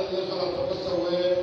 الذي خلق فسوى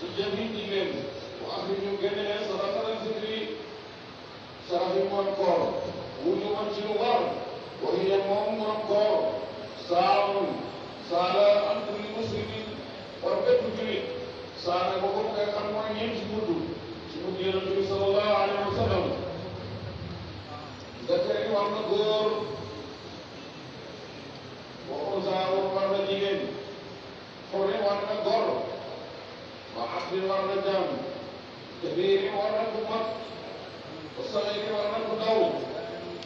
su jëriñ leen bu am ñu génne leen saraxal zikri sarax yi moom koor wu ñu woon ci lu war wax yi moom moom koor saamu saala am turi muslimin war bépp julit saala boobu nga xam mooy ñeenti guddu suñu yonent bi sallallahu alayhi wa sallam zakari war na góor war na jaamu te biir yi war na ko mat te soxla yi war na ko daw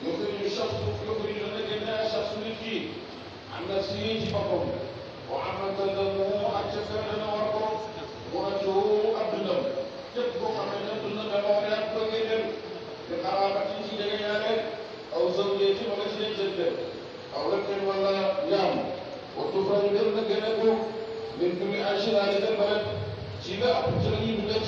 ñoo ko ñu sax suuf yokku ñu dana génne ay sax su nit ki ànd ak si yéen ci boppam boo amante ne mu ak ca fenn dana war ko mu àccoo ak dundam képp koo xam ne nag dund na war yaa ko ngay dem te xalaat ak ci jege ñaare aw zawjee ci wala ci dencante aw lakken wala yaam waxtu fa ñu dem na gën a góob min kulli ashiraati dem ba rek shi ga abu tarihi mutum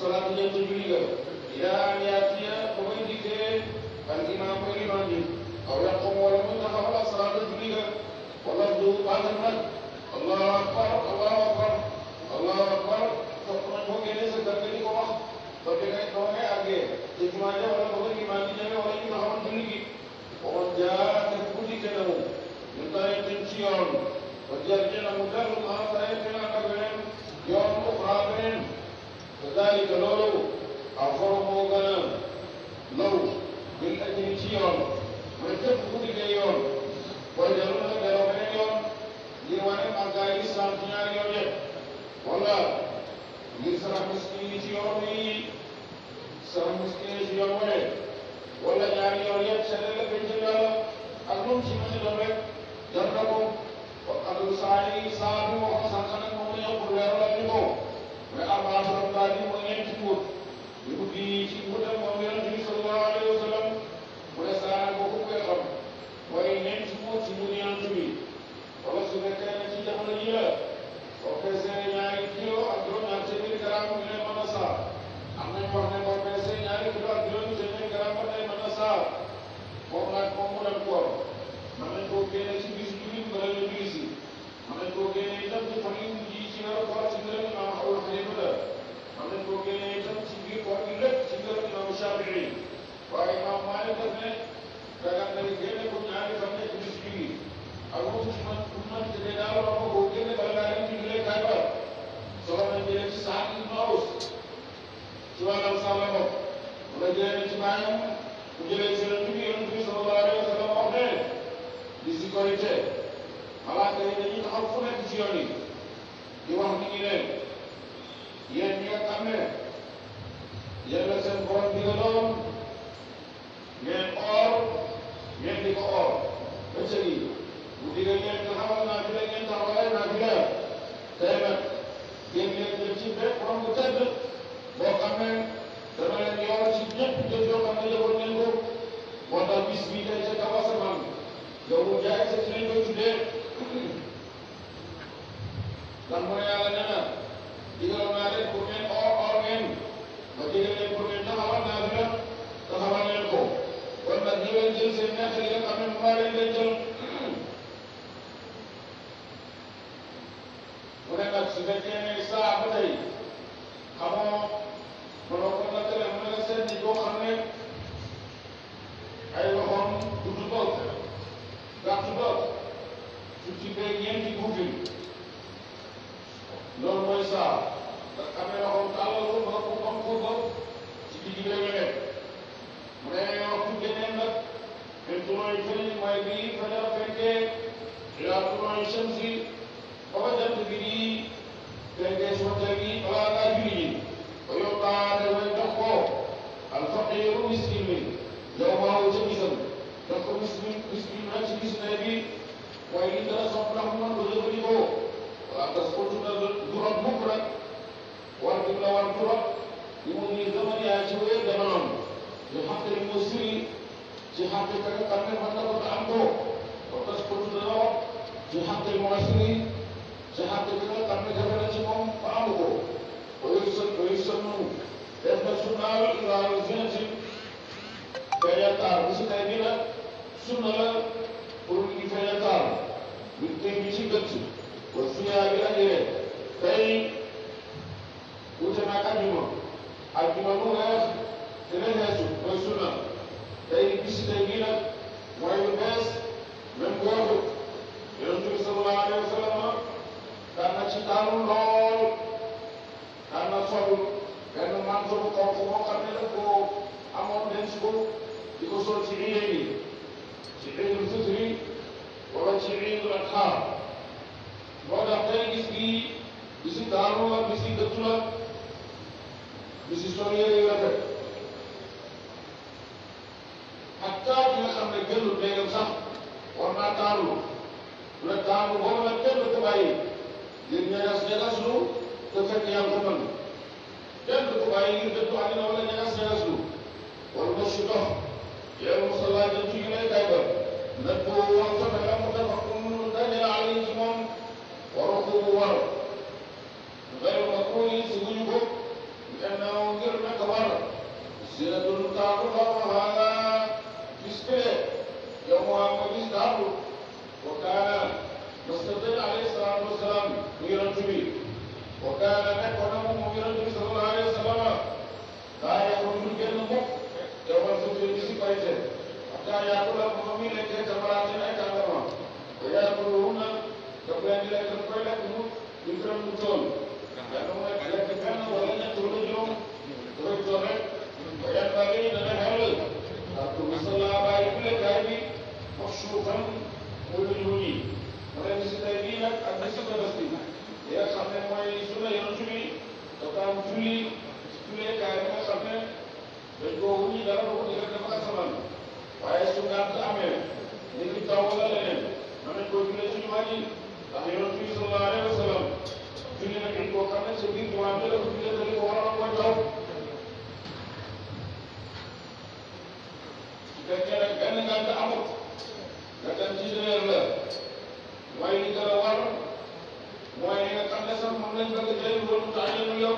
salaatu ñëpp julli la yaa an yaatiya ba koy dikkee al imaam koy imaam aw yaqum wala taxawal ak salaatu julli la wala du akbar allahu akbar allahu akbar topp na boo génnee sa kër nga di ko wax ba bi ngay doo ngay àggee te jumaa ja wala ba koy imaam bi ñëwee wala ñu taxawal julli gi waxoon jaa ذلك loolu aw forme moo gën a bil ajri ci yoon mooy képp ku liggéey yoon booy dellu nag delloo beneen yoon ngir wane màggaay lislaam ci ñaari yoon yëpp wala ngir sarax ci yoon yi sarax miskin ci yoon wale wala ñaari yoon yëpp seen la ak moom ci mën a doon rek jar na ko ak saa yi saa bi waxoon sànq nag moom la ñu pour leeral ñu ko mooy arbaatu rabbaani mooy ñeenti góor ñu dugg ci mu dem moom yonent bi sallallahu ñoom bu jëlee ci yonent bi yonent bi sallallahu alayhi wa sallam wax ne di sécurité malaaka yi dañuy taxaw fu nekk ci yoon yi di wax nit ñi ne yéen ñi nga xam ne yàlla seen borom bi nga doon lépp jël yoo xam ne yëgoon nañ ko moo tax bis bii dañ ca kaw asamaan yow mu jaay sa dinañ ko tuddee lan mooy yàlla nee na digal naa leen pour ngeen or or ngeen ma digal leen pour ngeen taxawal naa fi nag taxawal leen nga xam ne mu maa leen leen jël الأخرى لمنظمة شوية دمام لحق المسيء في حق كريم فتبت عنه وتسقط الأرض في حق المعسرين في حق كريم جبلتهم فأمره ويسمون يلبس النار إلى الزنج فيتار بس تأمينا سنة قرن فيتار بالتنبيش قدس والثياب الأجرة فإن naag àjjuma àjjuma lu wees taamu na taamu boobu nag kenn du ko bàyyi ngir ñagas ñagas lu te fekk yaa ngi ko mën kenn du ko bàyyi ngir dëddu àddina wala ñagas ñagas lu wala mos si dox yow a ci ñu lay kay ba nag boobu war sa mu def ak mu daje la ali ci moom waroo ko war ngay ma ko yi si buñu ko gannaaw ngir naka war si la doon taamu xaw ma xaaraa gis mu am ko gis daalu wa kaana Mustafa alayhi salaatu wa salaam mu ngi doon tubi wa kaana bu gàtt amee nit ñi taw wala leneen mën nañ koo jullee ci jumaa ji ndax yonent bi sallallahu alayhi wa sallam julli na ñu koo xam ne sa biir jumaa bi la ko jullee te li ko waroon mooy taw su fekkee nag benn gàtt amut nga dem ci dëneer la mooy li gën a war mooy li nga xam ne sax moom lañ bëgg tey loolu taajanu yow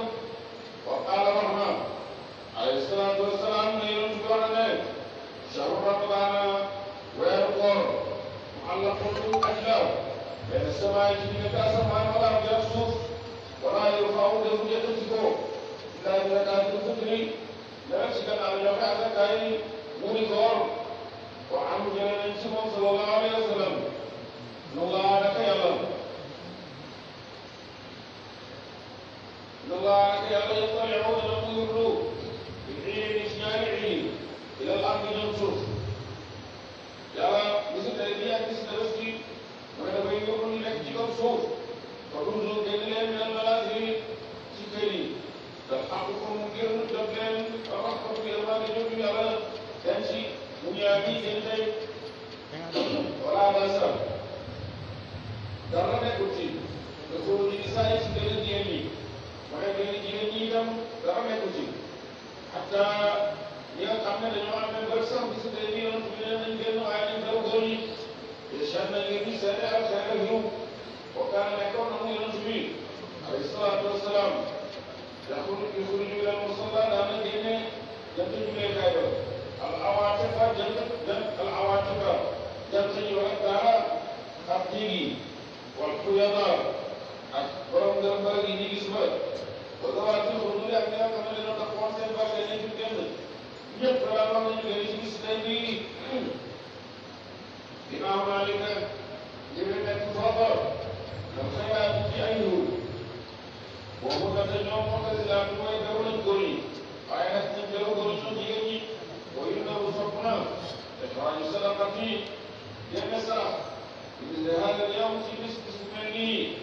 wa qaala rahman alayhi salaatu wa salaam ne yonent bi war a ne شهر رمضان وير koor معلقة أجلاو بين السماء جميلة أسمان والأرض يخسف ولا يرفع درجة فوق إلا بزكاة الفطر لنفسك أن يقع زكاي wuri koor وعن جنان سمو صلى الله عليه وسلم إن الله لك يعلم إن الله لك يعلم يطلعون نقول بالعلم ilal ardi jëm suuf yàlla bisu tey bii ak bisu tabaski mooy dafay yóbbu ñu nekk ci kaw suuf ba dund génn leen mel malaas yi ci kër yi daf ànd ko mu génn daf leen ba wax ko yërmande ñoom ñu yàlla dem si mu ñëwaat bii seen tey wala dasa dara nekkul ci te suuf ñu ngi saa si gën a jigéen ñi mooy gën a jigéen ñi itam dara nekkul ci xataa Sénégal Sénégal ñëw waxtaan nekkoon na mu yonent bi alayhi salaatu wasalaam yàqu ñu yàqu ñu leen musalla daana génne jant ñu lay kaay ba al awaatiqa jant jant al awaatiqa jant yi wax daara ak jiigi wal xuyada ak borom gërëm gi jiigi suba ba dawaati ko ñu ak ñaa xam ne dañoo tax wax seen bari dañuy fi génn ñëpp daal wax nañu dañuy gis dañ di imam Malik boobu dafa ñoo moom la islam mooy daw nañ góor ñi waaye nag ñu jël góor ñu jigéen ñi boo yu ndaw sopp na te xaaju sadaqat yi li des yow ci bis bis bu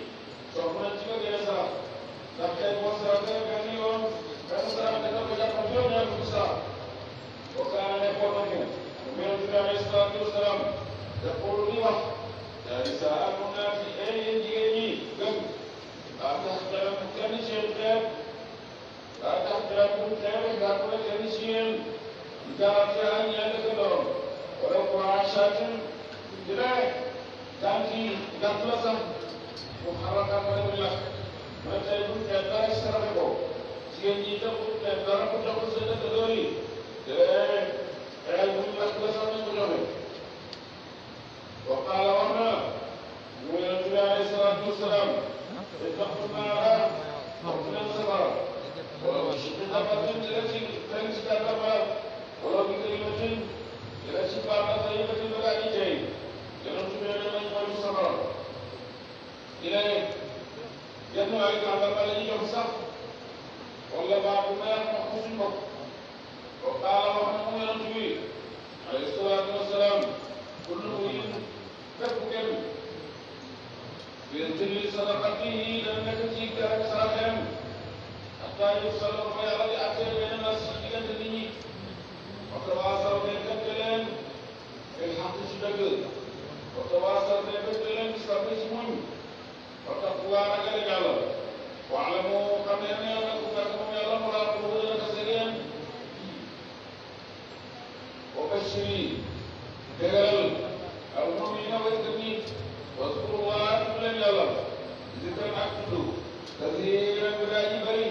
kasiiran bi daa ji bëri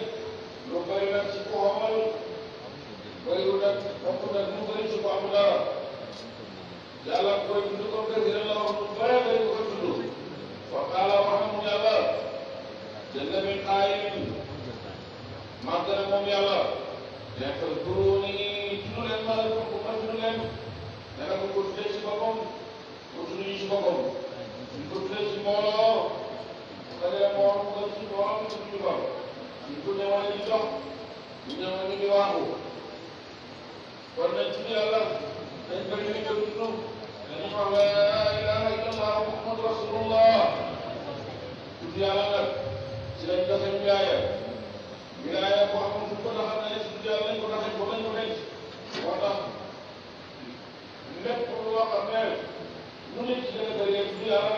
lu bëri nag ci ko xamal bëriwu nag ëpp nag mu bëri ci ko am dara yàlla koy dund ko kasiiran la wax lu bëree bëri ko dund wa qaala wax na mu yàlla jënd mi xaayin màgg na moom yàlla nekk duróoni tudd leen ma ko ko ma tudd leen ne ko ko tuddee ci boppam ko tudd ci boppam ko tuddee ci mbooloo dalee koor mu gën ci koor mu ci koor bu ñëwoon ñu dox bu ñëwoon ñu di waaxu kon nag ci yàlla dañ bëri ñu gëm ñu dañu xam la ilaha illallah muhammad rasulullah tudd yàlla nag ci lañ doxe wilaaya wilaaya boo xam ne ko taxal nañ ci yàlla lañ ko taxal ko lañ ko denc moo tax lépp loo xam ne mu ne ci dëgg yàlla